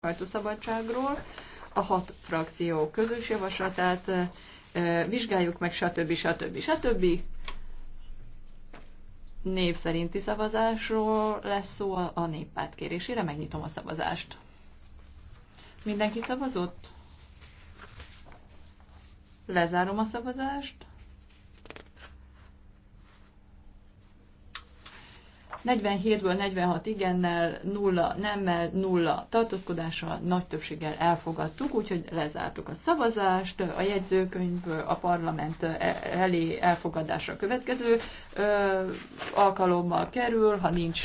sajtószabadságról, a hat frakció közös javaslatát vizsgáljuk meg, stb. stb. stb. Név szerinti szavazásról lesz szó a néppárt kérésére, megnyitom a szavazást. Mindenki szavazott? Lezárom a szavazást. 47-ből 46 igennel, 0 nemmel, 0 tartózkodással, nagy többséggel elfogadtuk, úgyhogy lezártuk a szavazást, a jegyzőkönyv a parlament e- elé elfogadásra következő alkalommal kerül, ha nincs